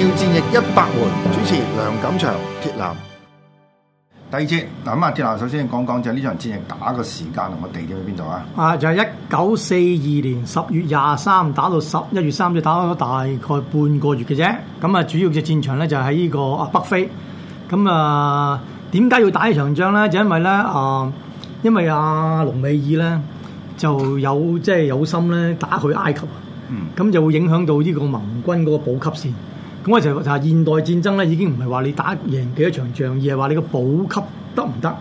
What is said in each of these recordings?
要戰役一百回，主持梁錦祥，鐵男。第二節。嗱，咁啊，鐵男，首先講講就係呢場戰役打嘅時間同個地點喺邊度啊？啊，就係一九四二年十月廿三打到十一月三，就打咗大概半個月嘅啫。咁啊，主要嘅戰場咧就喺呢個啊北非。咁啊，點解要打呢場仗咧？就因為咧啊、呃，因為阿、啊、隆美爾咧就有即係、就是、有心咧打去埃及啊。嗯。咁就會影響到呢個盟軍嗰個補給線。咁我就就係現代戰爭咧，已經唔係話你打贏幾多場仗，而係話你個補給得唔得？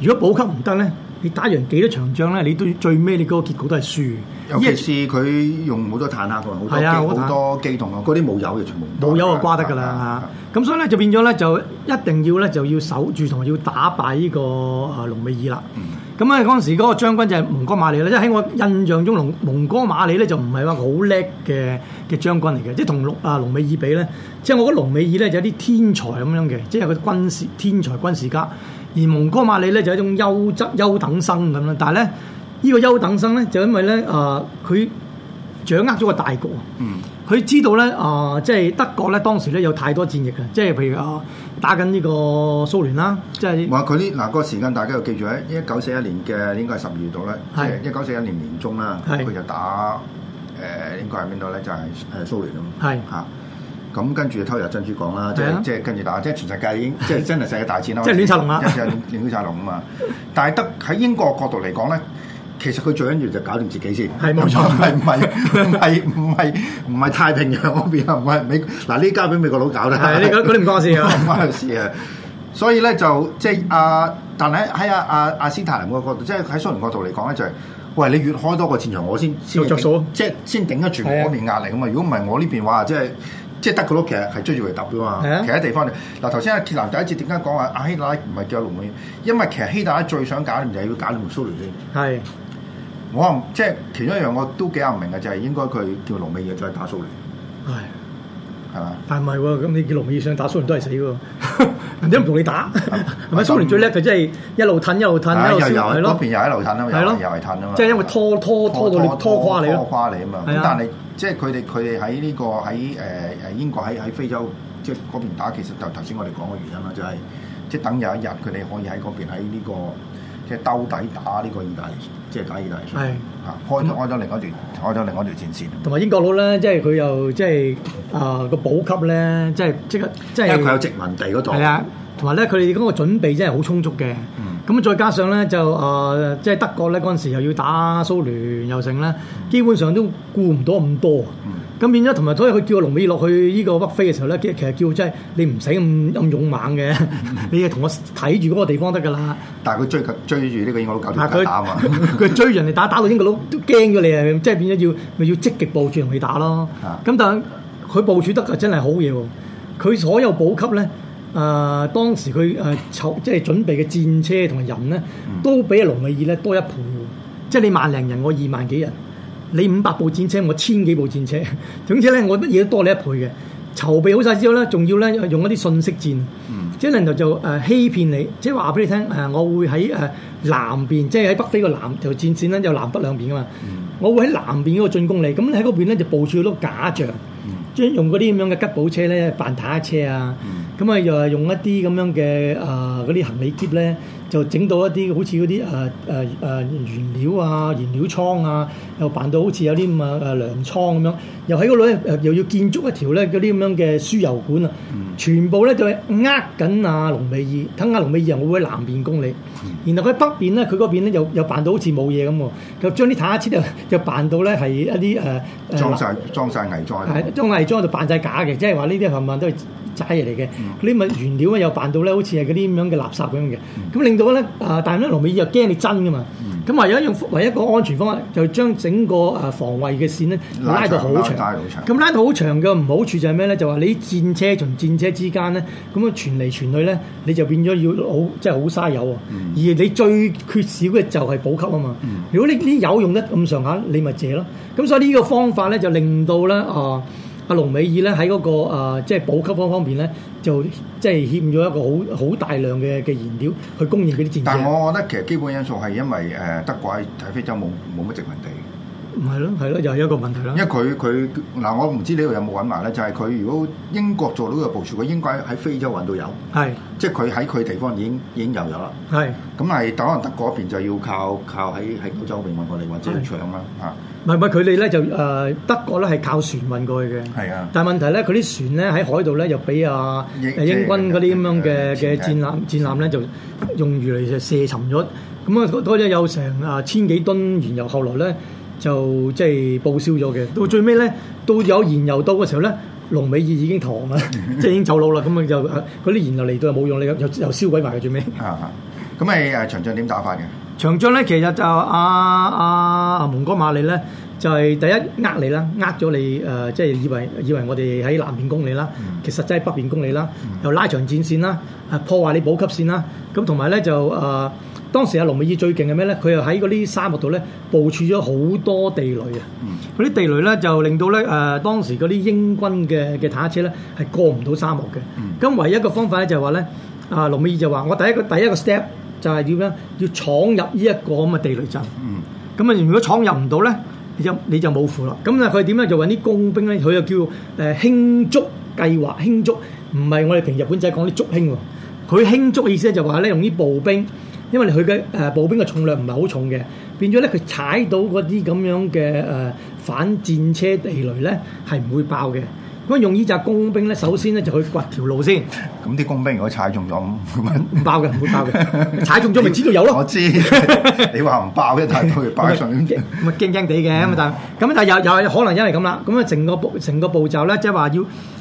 如果補給唔得咧，你打贏幾多場仗咧，你都最尾你嗰個結果都係輸。尤其是佢用好多坦克同好多好多機動，嗰啲冇油嘅全部冇油就、啊，就瓜得㗎喇吓！咁所以咧就變咗咧，就一定要咧就要守住同埋要打敗呢、呢個啊、呃、隆美爾啦。嗯咁啊！嗰陣時嗰個將軍就係蒙哥馬利啦，即、就、喺、是、我印象中，蒙蒙哥馬利咧就唔係話好叻嘅嘅將軍嚟嘅，即同啊隆美爾比咧，即、就是、我覺得隆美爾咧就有啲天才咁樣嘅，即、就、佢、是、軍事天才軍事家，而蒙哥馬利咧就係一種優質優等生咁啦。但係咧，呢、這個優等生咧就因為咧啊，佢、呃、掌握咗個大局。嗯。佢知道咧，啊、呃，即係德國咧，當時咧有太多戰役嘅，即係譬如啊，打緊呢個蘇聯啦，即係。話佢啲嗱個時間，大家要記住喺一九四一年嘅，應該係十二月度咧，即係一九四一年年中啦，佢就打誒，應該係邊度咧？就係、是、誒蘇聯是啊，嚇。咁跟住偷入珍珠港啦，啊、即係即係跟住打，即係全世界已經即係真係世界大戰啦，即係亂殺龍啊，即係亂亂殺龍啊嘛。但係德喺英國角度嚟講咧。其實佢最緊要就搞掂自己先自己，係冇錯，係唔係？係唔係？唔係太平洋嗰邊啊？唔係美嗱呢？交俾美國佬搞啦，係你個嗰啲關事啊，關 事啊，所以咧就即係阿但喺喺阿阿阿斯塔林個角度，即係喺蘇聯角度嚟講咧，就係喂，你越開多個戰場，我先有著數，即係先頂得住嗰方面壓力啊嘛。如果唔係，我呢邊話，即係即係德國佬，其實係追住嚟揼噶嘛。啊、其他地方嗱，頭先阿鐵男第一次點解講話阿希拉唔係叫龍門？因為其實希拉最想搞掂就係要搞掂蘇聯先，係。我即係其中一樣，我都幾難明嘅就係應該佢叫隆美爾再打蘇聯，係係嘛？但唔係喎，咁你叫隆美爾想打蘇聯都係死喎，人哋唔同你打，係咪蘇聯最叻？佢真係一路褪一路褪，一路消，嗰邊又係一路褪啊嘛，係咯，又係褪啊嘛。即係因為拖拖拖到你拖垮你，拖垮你啊嘛。咁但係即係佢哋佢哋喺呢個喺誒誒英國喺喺非洲即係嗰邊打，其實就頭先我哋講嘅原因啦，就係即係等有一日佢哋可以喺嗰邊喺呢個。即係兜底打呢個意大利，即係打意大利。係啊，開咗開咗另一段，開咗另一條戰線。同埋英國佬咧，即係佢又即係啊個補給咧，即係即刻即係。因為佢有殖民地嗰度。係啊。同埋咧，佢哋嗰個準備真係好充足嘅。咁再加上咧，就誒，即、呃、係德國咧嗰陣時又要打蘇聯又成啦，嗯、基本上都顧唔到咁多。咁變咗，同埋所以佢叫隆美爾落去呢個北非嘅時候咧，其實叫真係你唔使咁咁勇猛嘅，嗯、你係同我睇住嗰個地方個得㗎啦他。但係佢追追住呢個英國佬搞住佢打啊嘛！佢追人哋打，打到英國佬都驚咗你啊！即係變咗要咪要積極部署同佢打咯。咁、啊、但係佢部署得係真係好嘢喎！佢所有補給咧。 誒、呃、當時佢誒籌即係準備嘅戰車同人咧，都比阿隆美爾咧多一倍。即係你萬零人，我二萬幾人；你五百部戰車，我千幾部戰車。總之咧，我乜嘢都多你一倍嘅。籌備好晒之後咧，仲要咧用一啲信息戰， 即係輪頭就誒欺騙你，即係話俾你聽誒，我會喺誒南邊，即係喺北非個南條戰線咧，就南北兩邊噶嘛。 我會喺南邊嗰個進攻你，咁你喺嗰邊咧就部署好多假象，將 用嗰啲咁樣嘅吉普車咧扮坦克車啊。啊啊。咁啊，又係用一啲咁樣嘅啊，嗰、呃、啲行李篋咧。就整到一啲好似嗰啲誒誒誒原料啊、原料倉啊，又扮到好似有啲咁啊誒糧倉咁樣。又喺嗰度咧又要建築一條咧嗰啲咁樣嘅輸油管啊，嗯、全部咧就係呃緊阿、啊、隆美爾，等阿、啊、隆美爾又會喺南邊攻你，然後佢北邊咧佢嗰邊咧又又扮到好似冇嘢咁喎，就將啲坦克車就扮到咧係一啲誒、呃、裝晒裝曬偽裝，係裝偽裝就扮晒假嘅，即係話呢啲冚唪唥都係齋嘢嚟嘅，嗰啲物原料咧又扮到咧好似係嗰啲咁樣嘅垃圾咁樣嘅，咁另。到咧啊！但係咧隆美爾又驚你真噶嘛？咁、嗯、唯一用唯一一個安全方法，就將、是、整個誒、呃、防衛嘅線咧拉到好長。拉得好長。咁拉到好長嘅唔好處就係咩咧？就話你戰車同戰車之間咧，咁樣傳嚟傳去咧，你就變咗要好，即係好嘥油、啊。嗯。而你最缺少嘅就係補給啊嘛。嗯、如果你啲油用得咁上下，你咪借咯。咁所以呢個方法咧，就令到咧啊。呃阿隆美爾咧喺嗰個、呃、即係補給方方面咧，就即係欠咗一個好好大量嘅嘅燃料去供應嗰啲戰爭。但係我覺得其實基本因素係因為誒德國喺喺非洲冇冇乜殖民地。唔係咯，係咯，又係一個問題啦。因為佢佢嗱，我唔知呢度有冇揾埋咧，就係、是、佢如果英國做到呢個部署，佢應該喺非洲揾到有。係的。即係佢喺佢地方已經已經又有啦。係的。咁係打可能德國嗰邊就要靠靠喺喺歐洲搵運過嚟，或者搶啦啊。的唔係，佢哋咧就誒德國咧係靠船運過去嘅。係啊的！但係問題咧，佢啲船咧喺海度咧又俾啊英軍嗰啲咁樣嘅嘅戰艦戰艦咧就用魚嚟射沉咗。咁啊，多咗有成啊千幾噸燃油，後來咧就即係報銷咗嘅。到最尾咧，到有燃油到嘅時候咧，隆美爾已經已經糖啦，即係已經走佬啦。咁啊就啲燃油嚟到又冇用，你又又燒鬼埋嘅最尾。咁咪誒場仗點打法嘅？長將咧，其實就阿阿蒙哥馬利咧，就係第一呃你啦，呃咗你誒，即係以為以為我哋喺南面攻你啦，其實真係北面攻你啦，又拉長戰線啦，誒破壞你補給線啦，咁同埋咧就誒，當時阿隆美爾最勁係咩咧？佢又喺嗰啲沙漠度咧部署咗好多地雷啊！嗰啲地雷咧就令到咧誒當時嗰啲英軍嘅嘅坦克車咧係過唔到沙漠嘅。咁唯一個方法咧就係話咧，阿隆美爾就話我第一個第一個 step。就係點樣？要闖入呢一個咁嘅地雷陣。咁啊，如果闖入唔到咧，你就你就冇符啦。咁啊，佢點樣？就揾啲工兵咧，佢就叫誒輕足計劃，輕足唔係我哋平日本仔講啲足輕喎。佢輕足嘅意思咧，就話咧用啲步兵，因為佢嘅誒步兵嘅重量唔係好重嘅，變咗咧佢踩到嗰啲咁樣嘅誒反戰車地雷咧，係唔會爆嘅。咁用呢隻工兵咧，首先咧就去掘條路先、嗯。咁啲工兵如果踩中咗，咁唔爆嘅，唔會爆嘅。 踩中咗咪知道有咯。我知， 你話唔爆嘅，但係佢爆喺上面， 咁啊驚驚地嘅咁啊。嗯、但咁啊，但又又可能因為咁啦。咁啊，成個步成個步驟咧，即係話要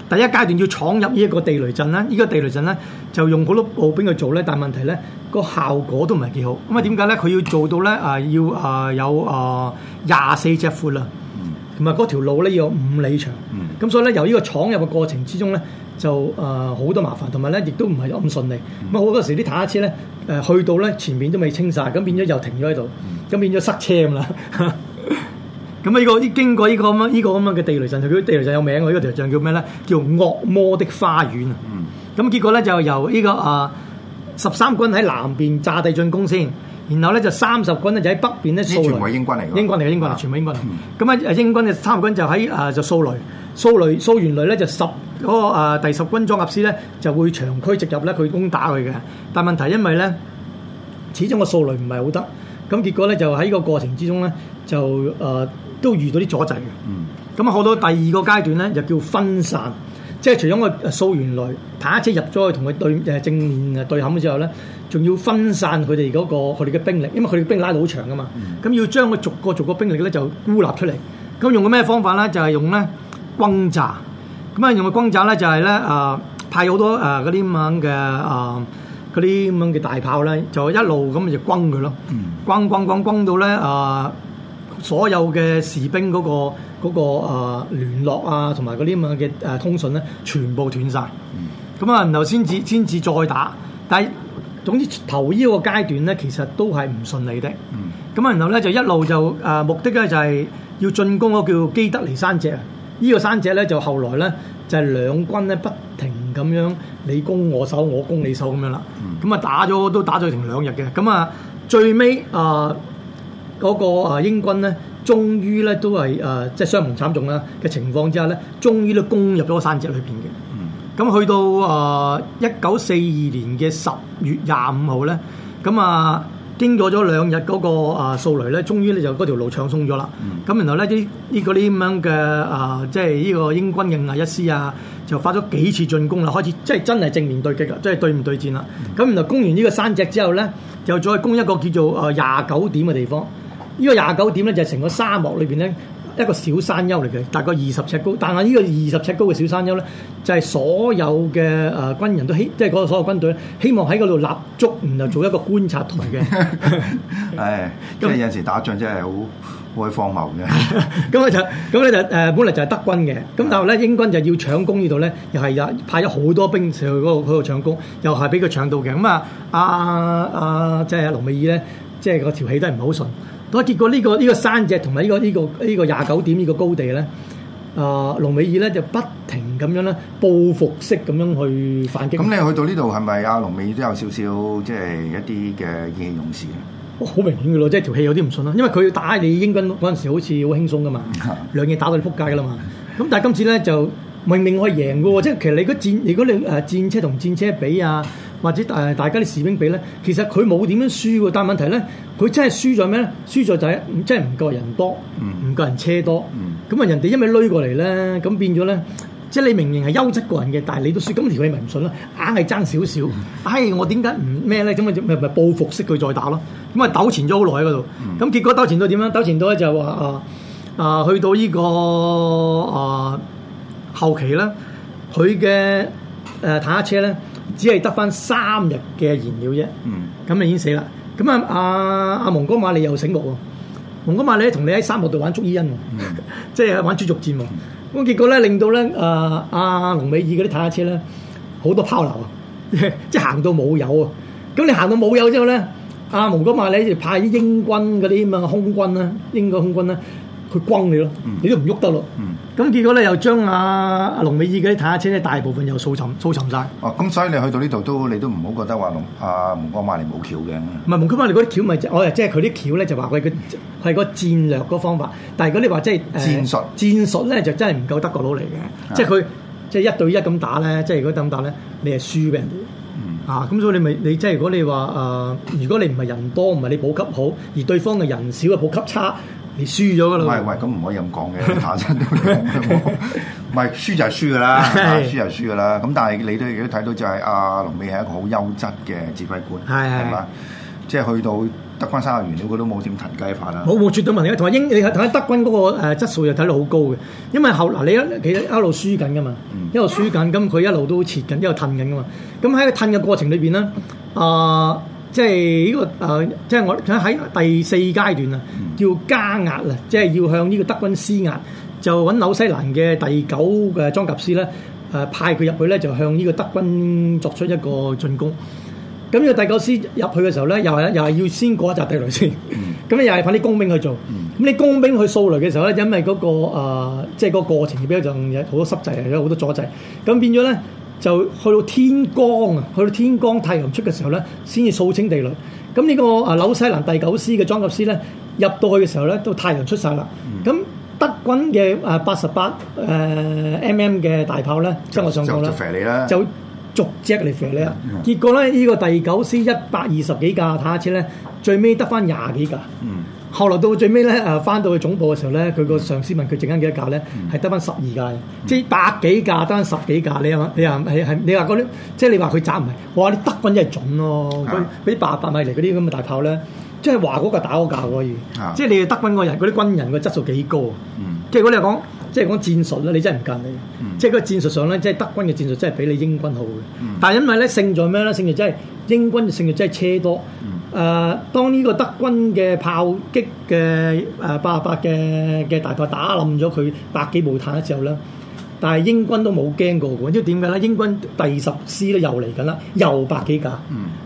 第一階段要闖入呢一個地雷陣啦。呢、呢個地雷陣咧就用好多步兵去做咧，但問題咧個效果都唔係幾好。咁啊點解咧？佢要做到咧啊、呃？要啊有啊廿四隻闊啊！呃呃呃呃呃同埋嗰條路咧要有五里長，咁、嗯、所以咧由呢個闖入嘅過程之中咧，就誒好、呃、多麻煩，同埋咧亦都唔係咁順利。咁好、嗯、多時啲坦克車咧誒、呃、去到咧前面都未清晒，咁變咗又停咗喺度，咁、嗯、變咗塞車咁啦。咁呢個啲經過呢、這個咁、這個、樣呢個咁樣嘅地雷陣，佢地雷陣有名喎，呢、這個地雷陣叫咩咧？叫惡魔的花園啊！咁、嗯嗯、結果咧就由呢、這個啊十三軍喺南邊炸地進攻先。然後咧就三十軍咧就喺北邊咧掃雷全英軍，英軍嚟嘅、啊、英軍，全部英軍。咁啊，英軍嘅三十軍就喺啊、呃、就掃雷、掃雷、掃完雷咧就十嗰個啊第十軍裝甲師咧就會長驅直入咧去佢攻打佢嘅。但係問題因為咧，始終個掃雷唔係好得，咁結果咧就喺呢個過程之中咧就啊、呃、都遇到啲阻滯嘅。咁啊，去到第二個階段咧就叫分散。即係除咗我掃完雷駕車入咗去同佢對誒正面誒對冚嘅之後咧，仲要分散佢哋嗰個佢哋嘅兵力，因為佢哋嘅兵力拉到好長噶嘛，咁要將佢逐個逐個兵力咧就孤立出嚟。咁用個咩方法咧？就係用咧轟炸。咁啊用個轟炸咧就係咧啊派好多啊嗰啲咁樣嘅啊嗰啲咁樣嘅大炮咧，就一路咁就轟佢咯。轟轟轟轟到咧啊！所有嘅士兵嗰、那個嗰、那個啊、呃、聯絡啊，同埋嗰啲咁嘅誒通訊咧，全部斷晒。咁啊，然後先至先至再打，但係總之頭呢個階段咧，其實都係唔順利的。咁啊，然後咧就一路就誒、呃、目的咧就係要進攻嗰個叫基德尼山脊。呢、這個山脊咧就後來咧就係、是、兩軍咧不停咁樣你攻我守，我攻你守咁樣啦。咁啊、嗯、打咗都打咗成兩日嘅，咁啊最尾啊。嗰個英軍咧，終於咧都係誒即係傷亡慘重啦嘅情況之下咧，終於都攻入咗個山脊裏邊嘅。嗯，咁去到啊一九四二年嘅十月廿五號咧，咁啊經過咗兩日嗰個啊掃雷咧，終於咧就嗰條路暢通咗啦。咁、嗯、然後咧啲呢、這個呢咁樣嘅啊、呃，即係呢個英軍嘅第一師啊，就發咗幾次進攻啦，開始即係真係正面對擊㗎，即係對唔對戰啦。咁、嗯、然後攻完呢個山脊之後咧，就再攻一個叫做啊廿九點嘅地方。呢個廿九點咧就係成個沙漠裏邊咧一個小山丘嚟嘅，大概二十尺高。但係呢個二十尺高嘅小山丘咧，就係、是、所有嘅誒、呃、軍人都希，即係嗰所有軍隊希望喺嗰度立足，然後做一個觀察台嘅。係，即係有陣時打仗真係好開荒謬嘅。 咁咧就，咁咧就誒本嚟就係德軍嘅，咁但係咧英軍就要搶攻呢度咧，又係啊派咗好多兵上去嗰度，度搶攻，又係俾佢搶到嘅。咁、嗯、啊，阿阿即係隆美爾咧，即、啊、係、嗯嗯就是、個條氣都係唔係好順。 Berlin 咁結果呢個呢個山脊同埋呢個呢個呢個廿九點呢個高地咧，啊、呃，隆美爾咧就不停咁樣咧報復式咁樣去反擊。咁你去到呢度係咪啊？隆美爾都有少少即係一啲嘅意氣勇士好，哦、明顯嘅咯，即係條氣有啲唔順啦。因為佢要打你英軍嗰陣時好似好輕鬆噶嘛， 兩嘢打到你撲街噶啦嘛。咁但係今次咧就明明我可以贏喎，即係其實你個戰如果你誒戰車同戰車比啊～或者誒，大家啲士兵比咧，其實佢冇點樣輸喎，但問題咧，佢真係輸咗咩咧？輸咗就係、是、真係唔夠人多，唔夠、嗯、人車多。咁啊、嗯，人哋一味攞過嚟咧，咁變咗咧，即係你明明係優質過人嘅，但係你都輸，咁條氣咪唔順咯？硬係爭少少，唉、嗯哎，我點解唔咩咧？咁咪咪報復式佢再打咯。咁啊，糾纏咗好耐喺嗰度，咁、嗯、結果糾纏到點樣？糾纏到咧就話啊啊，去到呢、這個啊、呃、後期咧，佢嘅誒坦克車咧。呃只係得翻三日嘅燃料啫，咁你、嗯、已經死啦。咁啊，阿、啊、阿蒙哥馬利又醒目喎，蒙哥馬利同你喺沙漠度玩捉伊因，即係、嗯、 玩追逐戰喎。咁、嗯、結果咧令到咧、呃、啊阿隆美爾嗰啲坦克車咧好多拋流啊， 即係行到冇油啊。咁你行到冇油之後咧，阿、啊、蒙哥馬利就派啲英軍嗰啲咁嘅空軍啊，英國空軍啦、啊。佢轟你咯，嗯、你都唔喐得咯。咁、嗯、結果咧又將阿、啊、阿隆美爾嗰啲坦克車咧，大部分又掃沉掃沉曬。哦、啊，咁所以你去到呢度都，你都唔好覺得話阿蒙哥馬利冇橋嘅。唔係蒙哥馬利嗰啲橋咪，我即係佢啲橋咧就話佢個係個戰略個方法。但係如果你話即係、呃、戰術，戰術咧就真係唔夠德國佬嚟嘅。的即係佢即係一對一咁打咧，即係如果咁打咧，你係輸俾人哋。啊，咁所以你咪你即係如果你話啊、呃，如果你唔係人多，唔係你補給好，而對方嘅人少啊、就是、補給差。你輸咗噶啦！喂，唔係咁唔可以咁講嘅，產生到咧。唔係，輸就係輸噶啦， 輸就係輸噶啦。咁但係你都亦都睇到就係、是、阿、啊、隆美係一個好優質嘅指揮官，係係嘛？的即係去到德軍三日原料，佢都冇點騰雞法啦、啊。冇絕對問題，同埋英你睇德軍嗰、那個誒、呃、質素又睇到好高嘅，因為後嗱你，你一路輸緊噶嘛，嗯、一路輸緊，咁佢一路都切緊一路褪緊噶嘛，咁喺個褪嘅過程裏邊咧，啊、呃。呃即係呢個誒，即係我想喺第四階段啊，叫加壓啊，即係要向呢個德軍施壓，就揾紐西蘭嘅第九嘅裝甲師咧，誒派佢入去咧，就向呢個德軍作出一個進攻。咁呢個第九師入去嘅時候咧，又係又係要先過一陣地雷先，咁又係派啲工兵去做。咁啲工兵去掃雷嘅時候咧，因為嗰個誒，即係嗰個過程入邊就有好多濕滯，又有好多阻滯，咁變咗咧。就去到天光啊，去到天光，太陽出嘅時候咧，先至掃清地雷。咁呢、這個啊、呃、紐西蘭第九師嘅裝甲師咧，入到去嘅時候咧，都太陽出晒啦。咁、嗯、德軍嘅啊八十八誒 mm 嘅大炮咧，即係我上講啦，就，就，就逐隻嚟射你啦。結果咧，呢、這個第九師一百二十幾架坦克車咧，最尾得翻廿幾架。嗯後來到最尾咧，誒翻到去總部嘅時候咧，佢個上司問佢剩緊幾多架咧，係得翻十二架，即係百幾架得翻十幾架。你話你話係係你話嗰啲，即係你話佢斬唔係？哇啲德軍真係準咯、哦，佢嗰啲八百米嚟嗰啲咁嘅大炮咧，即係華哥個打嗰架可以，即係你哋德軍嗰人嗰啲軍人嘅質素幾高啊！即係如果你話講，即係講戰術咧，你真係唔夾你。嗯、即係嗰個戰術上咧，即係德軍嘅戰術真係比你英軍好嘅。嗯、但係因為咧勝在咩咧？勝在真係英軍嘅勝在真係車多。嗯。誒、呃，當呢個德軍嘅炮擊嘅誒、呃、八十八嘅嘅大炮打冧咗佢百幾部坦克之後咧，但係英軍都冇驚過嘅，因為點解咧？英軍第十師咧又嚟緊啦，又百幾架，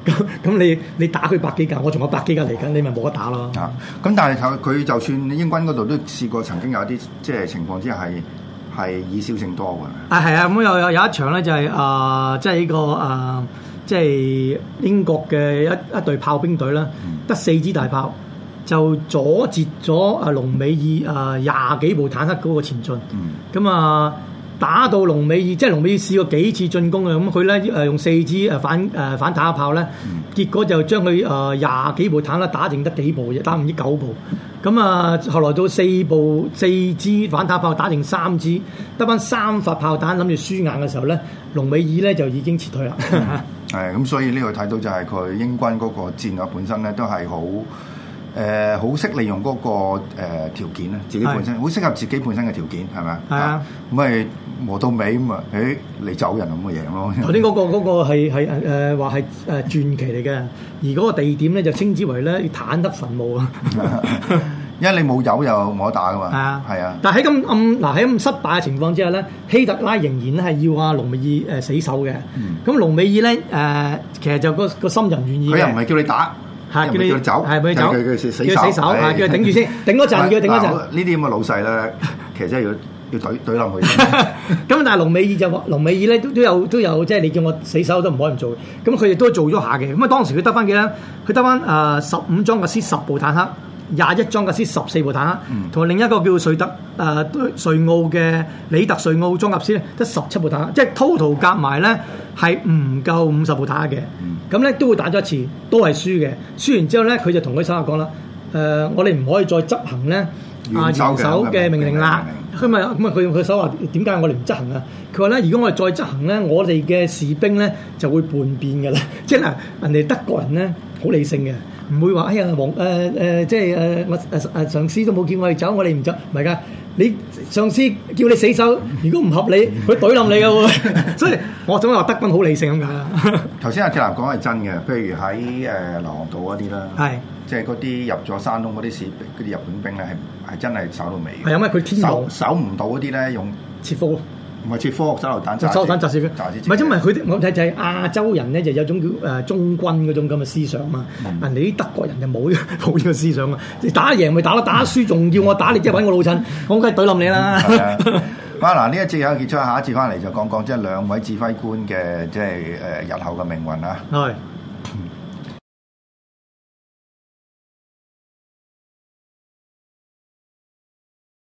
咁咁、嗯、你你打佢百幾架，我仲有百幾架嚟緊，你咪冇得打咯。啊，咁但係佢佢就算英軍嗰度都試過曾經有一啲即係情況之下係係以少勝多嘅、嗯。啊，係啊，咁又有有一場咧就係、是、啊，即係呢個啊。呃即係英國嘅一一隊炮兵隊啦，得、嗯、四支大炮就阻截咗啊隆美爾啊廿幾部坦克嗰個前進，咁啊、嗯。嗯嗯打到隆美爾，即係隆美爾試過幾次進攻啊！咁佢咧誒用四支誒反誒、呃、反坦克炮咧，結果就將佢誒廿幾部坦克咧打剩得幾部，打唔知九部。咁啊，後來到四部、四支反坦克炮打成三支，得翻三發炮彈，諗住輸硬嘅時候咧，隆美爾咧就已經撤退啦。係咁、嗯 嗯，所以呢個睇到就係佢英軍嗰個戰略本身咧都係好。誒好識利用嗰、那個誒、呃、條件咧，自己本身好是的 適合自己本身嘅條件，係咪是的 啊？啊、嗯，咁咪磨到尾咁啊，佢、欸、嚟走人咁嘅嘢。咯、那個。頭先嗰個嗰個係係誒話係誒傳奇嚟嘅，而嗰個地點咧就稱之為咧坦得墳墓啊，因為你冇油，又冇得打噶嘛。係啊，係啊。但喺咁暗嗱喺咁失敗嘅情況之下咧，希特拉仍然係要阿隆美爾誒死守嘅。咁隆美爾咧誒，其實就個個心人願意。佢又唔係叫你打。嗯係 叫你走，叫你走，叫佢死守，叫佢頂住先，頂嗰陣，叫佢頂嗰陣。 呢啲咁嘅老細咧， 其實真係要 要懟懟冧佢。咁 但係隆美爾就隆美爾咧，都都有都有，即係、就是、你叫我死守我都唔可以唔做。咁佢亦都做咗下嘅。咁啊，當時佢得翻幾多？佢得翻啊十五裝甲師十部坦克。廿一裝甲師十四部坦克，同埋、嗯、另一個叫瑞德誒、呃、瑞奧嘅里特瑞奧裝甲師咧得十七部坦克，即係 total 夾埋咧係唔夠五十部坦克嘅。咁咧、嗯、都會打咗一次，都係輸嘅。輸完之後咧，佢就同佢手下講啦：誒、呃，我哋唔可以再執行咧啊元首嘅命令啦！佢咪咁啊，佢佢手下點解我哋唔執行啊？佢話咧：如果我哋再執行咧，我哋嘅士兵咧就會叛變㗎啦！即係嗱，人哋德國人咧。好理性嘅，唔會話哎呀王誒誒，即係誒我誒誒上司都冇叫我哋走，我哋唔走，唔係㗎。你上司叫你死守，如果唔合理，佢懟冧你嘅喎。所以，我點解話德軍好理性咁解啊？頭先阿鐵男講係真嘅，譬如喺誒硫磺島嗰啲啦，係即係嗰啲入咗山洞嗰啲士，嗰啲日本兵咧係係真係守到尾。係因為佢天冷，守唔到嗰啲咧用切腹。唔係似科學手榴彈，手榴彈炸死佢。唔係，因為佢啲我睇就係亞洲人咧，就有種叫誒忠君嗰種咁嘅思想嘛。啊，你啲德國人就冇呢個冇呢個思想啊！你打贏咪打咯，打輸仲要我打你，即係揾我老襯，我梗係對冧你啦。好啦嗱，呢一節有結束，下一次翻嚟就講講即係、就是、兩位指揮官嘅即係誒日後嘅命運啊。係。